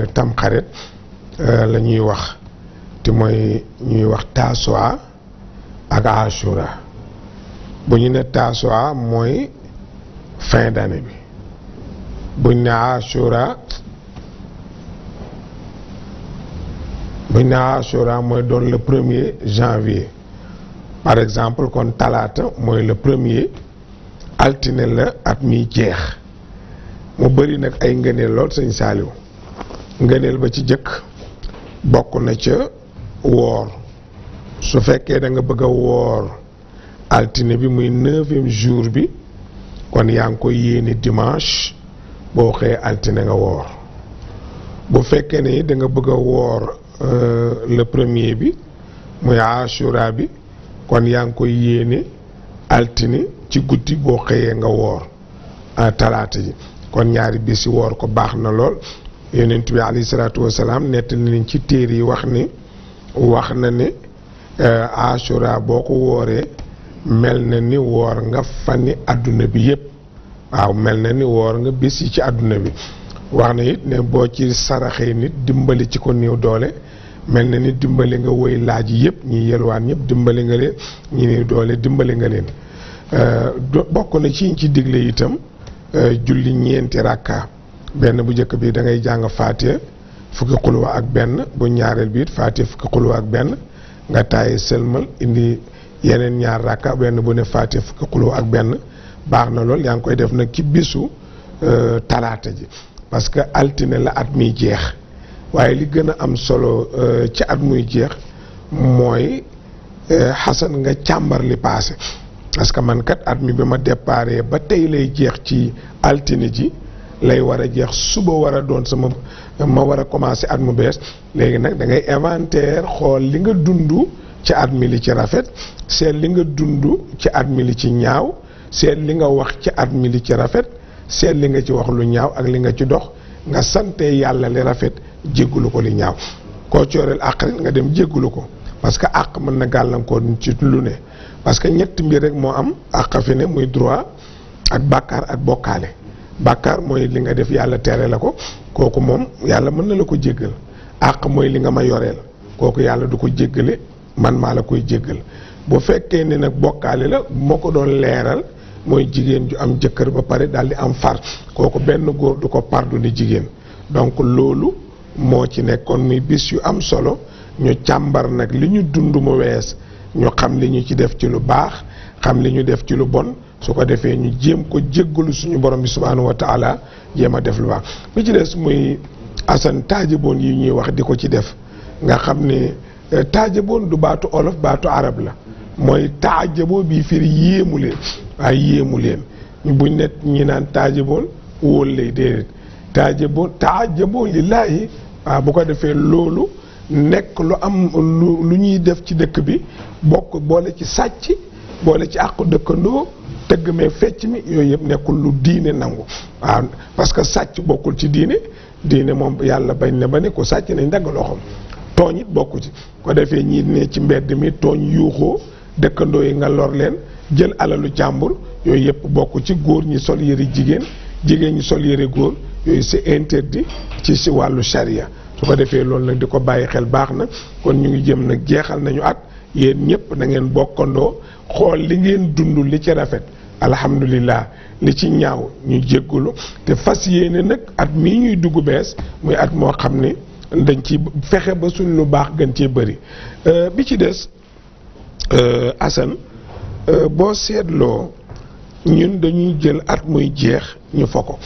tamxarit euh, la ñuy wax te mooy ñuy wax taasuwa ak asura bu ñu ne taasuwa mooy fin d'année bi bu ñu ne asura bu ñu mooy doon le premier janvier par exemple kon talaata mooy le premier altine la at mi jeex mu bëri nag ay ngëneel lool sëñ Saaliw ngëneel ba ci jëkk bokk na ca woor su fekkee da nga bëgg a woor altine bi muy neuvième jour bi kon yaa ngi koy yéene dimanche boo xëyee altine nga woor bu fekkee ne da nga bëgg a woor euh, le premier bi muy ashura bi kon yaa ngi koy yéene altine ci guddi boo xëyee nga woor euh, talaata ji kon ñaari bés woor ko baax na lool yonent bi alayhi salaatu wasalaam nettali ci téer yi wax ni wax na ni euh, asura boo ko wooree mel na ni woor nga fani àdduna bi yépp waaw mel na ni woor nga bés yi ci àdduna bi wax na it ne boo ci saraxee nit dimbali ci ko néew doole mel na ni dimbali nga woy laaj yépp ñi yelwaan ñëpp dimbali nga leen doole dimbali nga leen euh, bokk na ci ci digle itam euh, julli ñeenti ràkka benn bu njëkk bii da ngay jàng faatiya fukki xulwa ak benn bu ñaareel bi it faatiya fukki xulwa ak benn nga taaye indi yeneen ñaar bu ne faatiya fukki ak benn baax na lool yaa ngi koy def nag ci bisu euh, talaata ji parce que altine la at muy jeex waaye li gën a am solo euh, ci at muy jeex mooy euh, xasan nga càmbarli li paase parce que man kat at mi bi ma déparé ba tey lay jeex ci altine ji lay war a jeex suba war a doon sama ma war a commencer at mu bees léegi nag da ngay inventaire xool li nga dund ci at mi ci rafet seet li nga dund ci at mi li ci ñaaw seet li nga wax ci at mi li ci rafet seet li nga ci wax lu ñaaw ak li nga ci dox nga sante yàlla li rafet jéggulu ko li ñaaw koo cooreel àq nga dem jéggulu ko parce que àq mën na gàllankoor ci lu ne parce que ñetti mbir rek moo am àq fi ne muy droit ak bàkkaar ak bokkaale bàkkaar mooy li nga def yàlla tere la ko kooku moom yàlla mën na la ko jéggal àq mooy li nga ma yoreel kooku yàlla du ko jéggale man maa la koy jéggal bu fekkee ne nag bokkaale la moo ko doon leeral mooy jigéen ju am jëkkër ba pare daal di am far kooku benn góor du ko pardonné jigéen donc loolu moo ci nekkoon muy bis yu am solo ñu càmbar nag li ñu dund mu wees ñu xam li ñu ci def ci lu baax xam li ñu def ci lu bon su ko defee ñu jéem ko jéggalu suñu borom bi subhanahu wa taala jéem a def lu baax bi ci des muy asan taajaboon yi ñuy wax di ko ci def nga xam ni euh, taajaboon du baatu olof baatu arab la mooy taajaboo bi firi yéemu leen waaye yéemu leen buñ net ñi naan taajaboon wóol lay déedéet taajaboon taajaboon lillaahi waaw bu ko defee loolu nekk lu am lu ñuy def ci dëkk bi bokk boole ci sàcc boole ci àqu dëkkandoo dëgg mee fecc mi yooyu yëpp nekkul lu diine nangu waaw ah, parce que sàcc bokkul ci diine diine moom yàlla bañ ne ba ne ko sàcc nañ dagg loxoom tooñ it bokku ci ko defee ñi ne ci mbedd mi tooñ yuuxoo dëkkandoo yi nga lor leen jël alalu jàmbur yooyu yëpp bokku ci góor ñi sol yëre jigéen jigéen ñi sol yëre góor yooyu c'est interdit ci si wàllu charia su ko defee loolu nag di ko bàyyi xel baax na kon ñu ngi jëm nag jeexal nañu at yéen ñëpp na ngeen bokkandoo xool li ngeen dund li ci rafet alhamdulilah li ci ñaaw ñu jéggulu te fas yéene nag at mii ñuy dugg bees muy at moo xam ni dañ ci fexe ba suñ lu baax gën cee bëri euh, bi ci des euh, Assane euh, boo seetloo ñun dañuy jël at muy jeex ñu fo ko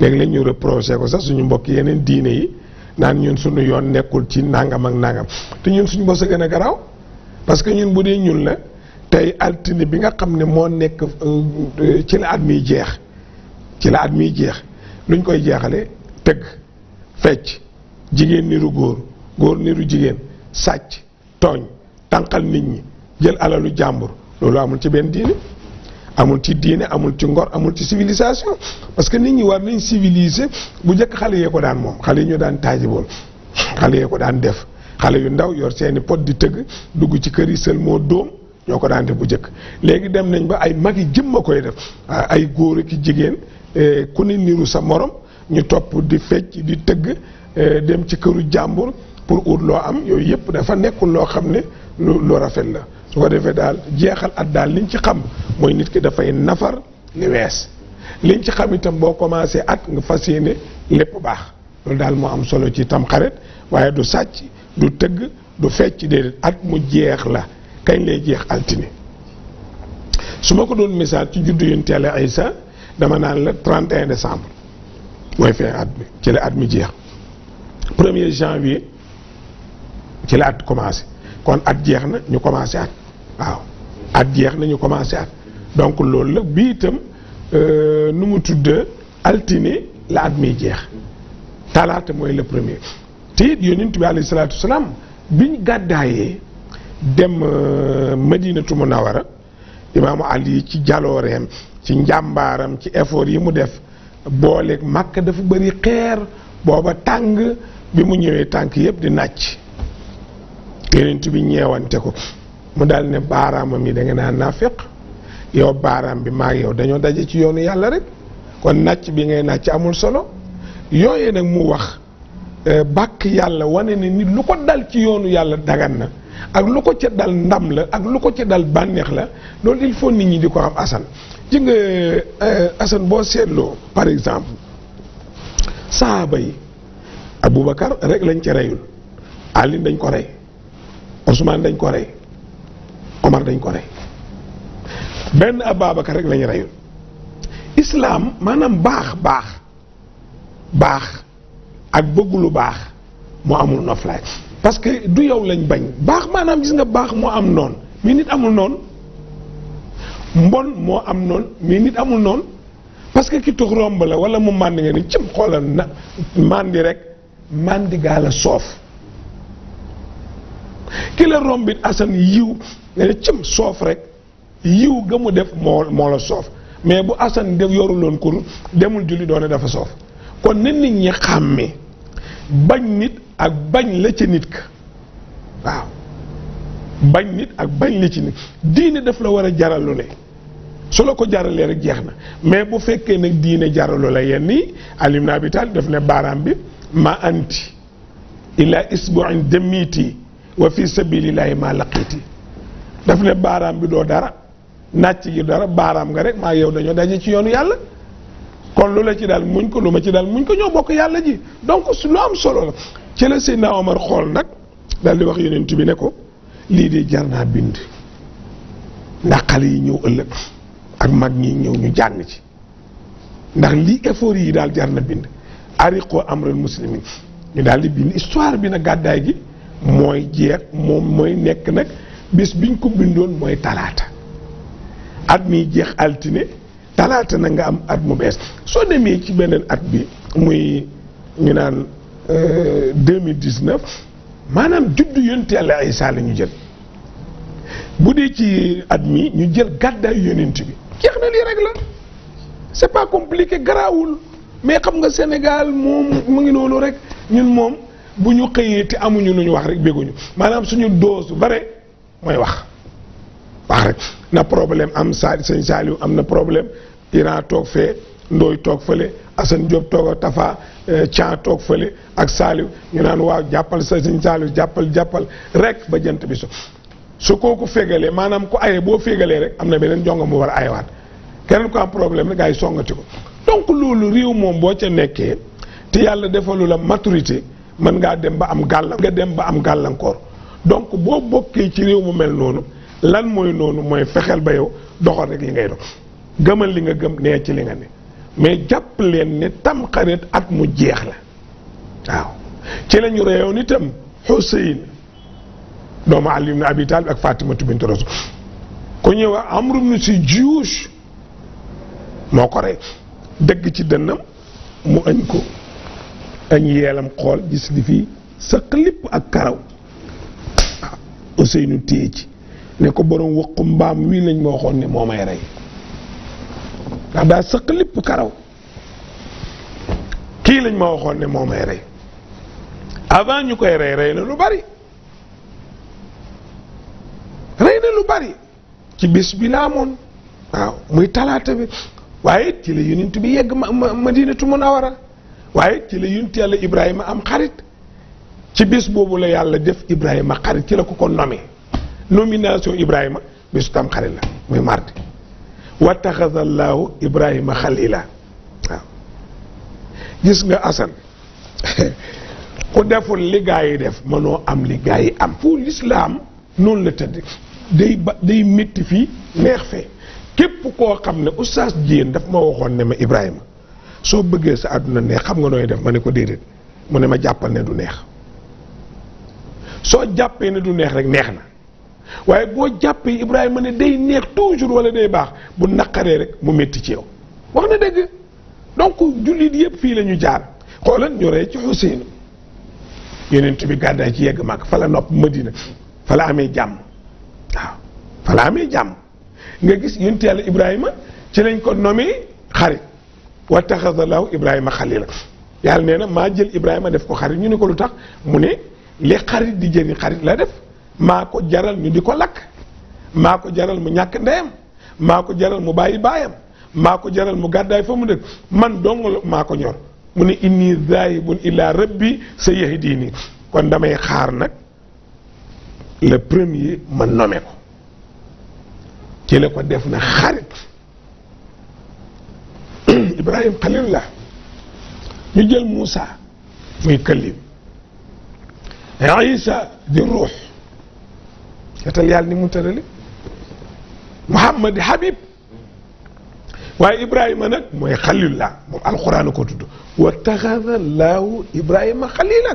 léegi la ñu reproché ko sax suñu mbokk yeneen diine yi naan ñun suñu yoon nekkul ci nangam ak nangam te ñun suñu bos a gën a garaaw parce ñun bu dee ñun la tey altine bi nga xam ne moo nekk euh, ci la at miy jeex ci la at jeex luñ koy jeexale tëgg fecc jigéen niru góor góor niru jigéen sàcc tooñ tànqal nit ñi jël alalu jàmbur loolu amul ci benn diine amul ci diine amul ci ngor amul ci civilisation parce que nit ñi war nañ civiliser bu njëkk xale yee ko daan moom xale yi ñu daan taajiboon xale yee ko daan def xale yu ndaw yor seeni pot di tëgg dugg ci kër yi sël moo dóom ñoo ko daan def bu njëkk léegi dem nañ ba ay mag yi jëmm koy def ay góor ki jigéen eh, ku ne niru sa morom ñu topp di fecc di tëgg eh, dem ci këru jàmbur pour ut loo am yooyu yëpp dafa nekkul loo xam ne lu rafet la su ko defee daal jeexal at daal liñ ci xam mooy nit ki dafay nafar li wees liñ ci xam itam boo commencé at nga fas yéene lépp baax loolu daal moo am solo ci tam waaye du sàcc du tëgg du fecc déedéet at mu jeex la kañ lay jeex altine su ma ko doon misaal ci juddu yonent Yàlla Isa dama naan la 31 décembre mooy fin at bi ci la at mi jeex 1er janvier ci la at commencé kon at jeex na ñu commencé at waaw at jeex na commencé at donc loolu la bi itam euh, nu mu tudd altine la at mi jeex talaata mooy le premier te it yonent bi alayhi salaatu wa salaam biñ gàddaayee. dem euh, Madinatu Munawara imaamu Ali ci jalooreem ci njàmbaaram ci effort yi mu def booleeg Makka dafa bari xeer booba tàng bi mu ñëwee tànk yëpp di nàcc yonent bi ñeewante ko mu daal ne baaraamam yi danga nga naan naafiq yow baaraam bi maag yow dañoo daje ci yoonu yàlla rek kon nàcc bi ngay nàcc amul solo yooyu nag mu wax euh, bàkk yàlla wane ne nit lu ko dal ci yoonu yàlla dagan na ak lu ko ca dal ndam la ak lu ko ca dal bànneex la loolu il faut nit ñi di ko xam Assane ji nga euh, Assane boo seetloo par exemple saaba yi Aboubacar rek lañ ca reyul Ali dañ ko rey Ousmane dañ ko rey Omar dañ ko rey benn Ababacar rek lañ reyul islaam maanaam baax baax baax ak bëgg lu baax mu amul noflaay parce que du yow lañ bañ baax maanaam gis nga baax moo am noon mais nit amul noon mbon moo am noonu mais nit amul noonu parce que ki tux romb la wala mu màndi nga ni cim xoolal na rek màndi gaa soof ki la rombit asan yiw ne cim soof rek yiw ga mu def moo moo la soof mais bu asan def yoruloon kur demul julli doone dafa soof kon ne nit ñi xàmmee bañ nit ak bañ la ci nit ka waaw bañ nit ak bañ la ci nit diine daf la war a jaral ne su la ko jaralee rek jeex na mais bu fekkee nag diine jaralu la yenn yi alim na bi taal daf ne baaraam bi ma anti ila isbuin demiti wa fi sabilillahi ma laqiti daf ne baaraam bi doo dara nàcc gi dara baaraam nga rek maa yow dañoo daje ci yoonu yàlla kon lu la ci daal muñ ko lu ma ci daal muñ ko ñoo bokk yàlla ji donc lu am solo la ci la Seydina Omar xool nag daal di wax yonent bi ne ko lii de jar naa bind ndax xale yi ñëw ëllëg ak mag ñi ñëw ñu jàng ci ndax lii effort yi daal jar na bind ariqoo amral muslimin ñu daal di bind histoire bi nag gàddaay gi mooy jeex moom mooy nekk nag bis biñ ko bindoon mooy talaata at mi jeex altine talaata na nga am at mu bees soo demee ci beneen at bi muy ñu naan 2019 euh, maanaam juddu yonent Yàlla Isaa la ñu jël bu dee ci at mi ñu jël gàddaay yonent bi jeex na lii rek la c'est pas compliqué garaawul mais xam nga Sénégal moom mu ngi noonu rek ñun moom bu ñu xëyee te amuñu lu ñu wax rek bégguñu maanaam suñu doos bu bare mooy wax baax rek na problème am sa sëñ Saliou am na problème Iran toog fee Ndooy toog fële Assane Diop toog Tafa euh, Thian toog fële ak Saliou ñu naan waaw jàppal sa sëñ Saliou jàppal jàppal rek ba jant bi so su kooku fégalee maanaam ku aye boo fégalee rek am na beneen jongo mu war a ayewaat keneen ko am problème rek ay songati ko donc loolu réew moom boo ca nekkee te yàlla defalu la maturité mën ngaa dem ba am gàllankoor dem ba am gàllankoor donc boo bokkee ci réew mu mel noonu lan mooy noonu mooy fexeel ba yow doxal rek li ngay dox gëmal li nga gëm nee ci li nga ne mais jàpp leen ne tamxarit at mu jeex la waaw ci la ñu reyoon itam Xuseyn doomu Ali ibn Abi Talib ak Fatimatu bint Rasul ko ñuy wax Amru ibn si Juush moo ko rey dëgg ci dënnam mu añ ko añ yeelam xool gis li fi sëq lipp ak karaw Useynu téye ci ne ko borom wëqu mbaam wii lañ ma waxoon ne moo may rey ndax daa sëq lépp kii lañ ma waxoon ne moo may rey avant ñu koy rey rey na lu bari rey na lu bari ci bis bi la amoon waaw muy talaata bi waaye ci la yonent bi yegg ma madinatu munawara waaye ci la yonent yàlla Ibrahima am xarit ci bis boobu la yàlla def Ibrahima xarit ci la ko ko nommé nomination Ibrahima bisu tam xarit la muy mardi wattaxazallaahu Ibrahima xalila waaw gis nga asan ku deful li gaa yi def mënoo am li gaa yi am fu lislaam noonu la tëdd day ba day métti fii neex fee képp koo xam ne oustaz Diène daf ma waxoon ne ma Ibrahima soo bëggee sa àdduna neex xam nga nooy def ma ne ko déedéet mu ne ma jàppal ne du neex soo jàppee ne du neex rek neex na waaye boo jàppee Ibrahima ne day neex toujours wala day baax bu naqaree rek mu métti ci yow wax na dëgg donc jullit yëpp fii la ñu jaar xoola ñu rey ci Xuseyn yonent bi gàddaay ci yegg màgg fa la nopp Madina fa la amee jàmm waaw fa la amee jàmm nga gis yonent yàlla Ibrahima ci lañ ko nommé xarit wa taxasa Ibrahima xalila yàlla nee na maa jël Ibrahima def ko xarit ñu ne ko lu tax mu ne li xarit di jëriñ xarit la def. maa jaral ñu di ko lakk maa ko jaral mu ñàkk ndeyam maa ko jaral mu bàyyi baayam maa jaral mu gàddaay fa mu dëkk man dong la ko ñor mu ne inni zaahibun ila rabbi sa yahdini kon damay xaar nag le premier ma nome ko ci ko def na xarit Ibrahim Khalilullah ñu jël Moussa muy kalim Isa di ruux seetal yàlla ni mu tërale Muhammad Habib waaye Ibrahima nag mooy xalilullah moom alxuraan ko tudd wa Ibrahima xalila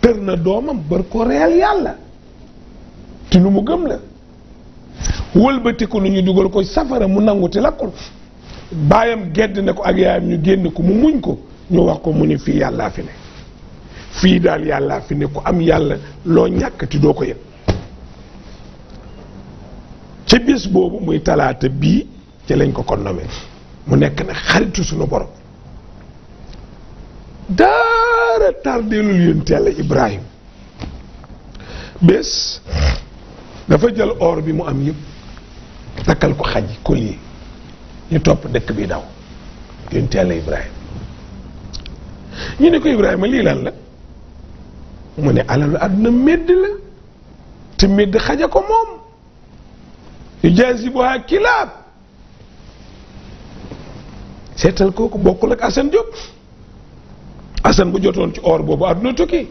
tër na doomam bar ko reyal yàlla te lu mu gëm la wëlbatiku nu ñu dugal ko safara mu nangu nanguti lakkul baayam gedd na ko ak yaayam ñu génn ko mu muñ ko ñu wax ko mu ni fii yàllaa fi ne fii daal yàllaa fi ne ku am yàlla loo ñàkkati doo ko yëg ca bis boobu muy talaata bii ci lañ ko ko nommé mu nekk nag xaritu suñu borom daara tardeelul yéen teel Ibrahim bés dafa jël or bi mu am yëpp takkal ko xaj collier ñu topp dëkk bi daw yéen teel Ibrahim ñu ne ko Ibrahima lii lan la mu ne alalu àdduna medd la te medd xaja ko moom. yujaasibuhaa kilaab seetal kooku bokkul ak Assane Diop Assane bu jotoon ci or boobu àdduna tukki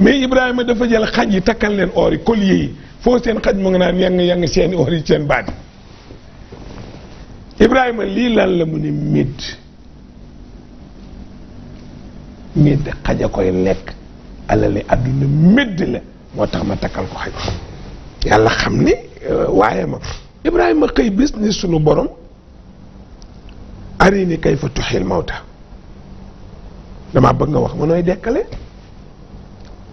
mais Ibrahima dafa jël xaj yi takkal leen or yi collier yi foo seen xaj mu ngi naan yang yang seeni or yi seen baat Ibrahima lii lan la mu ni mid mid xaj a koy lekk alali àdduna mid la moo tax ma takkal ko xaj yàlla xam ni Euh, waaye ma Ibrahima xëy bis sunu borom arini kayfa tuxil mawta damaa bëgg nga wax ma nooy dekkale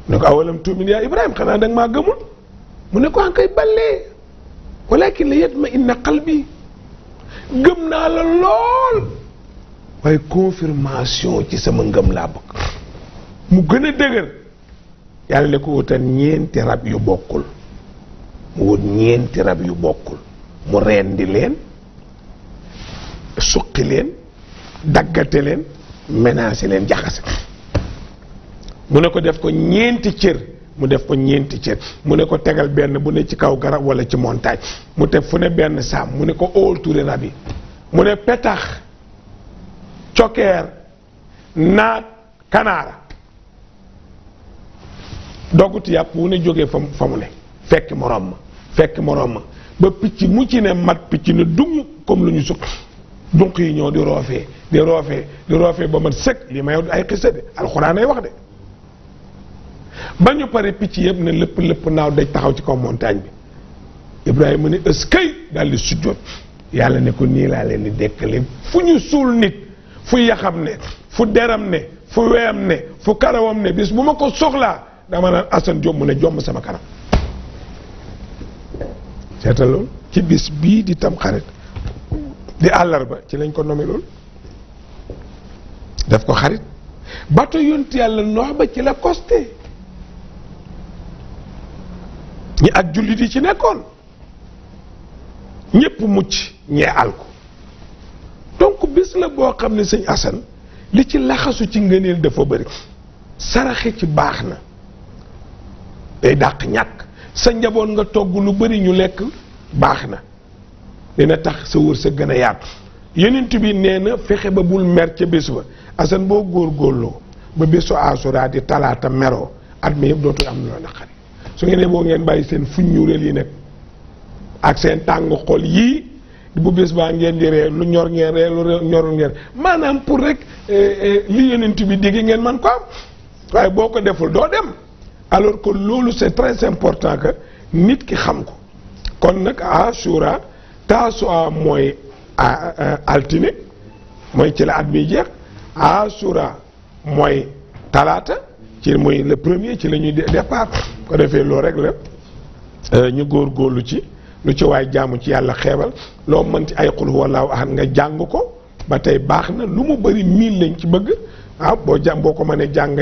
ne ko awalam tuumin yaa Ibrahima xanaa danga maa gëmul mu ne ko an ah, kay ballee walakin la yatma inna qalbi gëm naa la lool waaye confirmation ci sama ngëm laa bëgg mu gën a dëgër yàlla ne ko wutal ñeenti rab yu bokkul mu wut ñeenti rab yu bokkul mu rendi leen suqi leen daggate leen menacé leen jaxase mu ne ko def ko ñeenti cër mu def ko ñeenti cër mu ne ko tegal benn bu ne ci kaw garab wala ci montagne mu te fu ne benn saam mu ne ko óol tuure rab yi mu ne petax cokeer naat kanaara doggutu yàpp wu ne jógee fa mu ne fekk morom ma fekk moroom ma ba picc mu ci ne mat picc ne dung comme lu ñu sukk dunq yi ñëw di roofee di roofee di roofee ba mat sëkk li may ay xisa de alxuraan ay wax de ba ñu pare picc yëpp ne lëpp lépp naaw daj taxaw ci kaw montagne bi ibrahim Ibrahima ne ëskay daal di sujjoot yàlla ne ko nii laa leen di dekkale fu ñu suul nit fu yaxam ne fu deram ne fu weyam ne fu karawam ne bis bu ma ko soxlaa dama naan Assane Diop ne jomm sama kanam seetal loolu ci bis bii di tamxarit di àllarba ci lañ ko nommé loolu def ko xarit bato yont yàlla noox ba ci la costé ñi ak jullit yi ci nekkoon ñépp mucc ñee alku donc bis la boo xam ne sëñ Assane li ci laxasu ci ngëneel dafa bëri saraxe ci baax na day dàq ñàkk sa njaboot nga togg lu bari ñu lekk baax na dina tax sa sa gën a yaatu yenent bi nee na fexe ba bul mer ca bés ba asan boo góorgóorloo ba bésu asura di talaata meroo at mi yëpp dootul am loo naqari su ngeen ne boo ngeen bàyyi seen ñu fuññuréel yi nekk ak seen tàng xol yii bu bés baa ngeen di ree lu ñor ngeen ree lu ñorul ngeen maanaam pour rek eh, eh, li yenent bi digi ngeen man ko am waaye boo ko deful doo dem alors que loolu c'est très important que nit ki xam ko kon nag Ashura ah, Taasua mooy altine mooy ci la at bi jeex Ashura ah, mooy talaata ci mooy le premier ci la ñuy départ ko defee loolu rek la euh, ñu góorgóorlu ci lu ci waay jaamu ci yàlla xeebal loo mën ci ay qul huwallaahu ahad nga jàng ko ba tey baax na lu mu bëri miin lañ ci bëgg ah boo jàng boo ko mënee jàng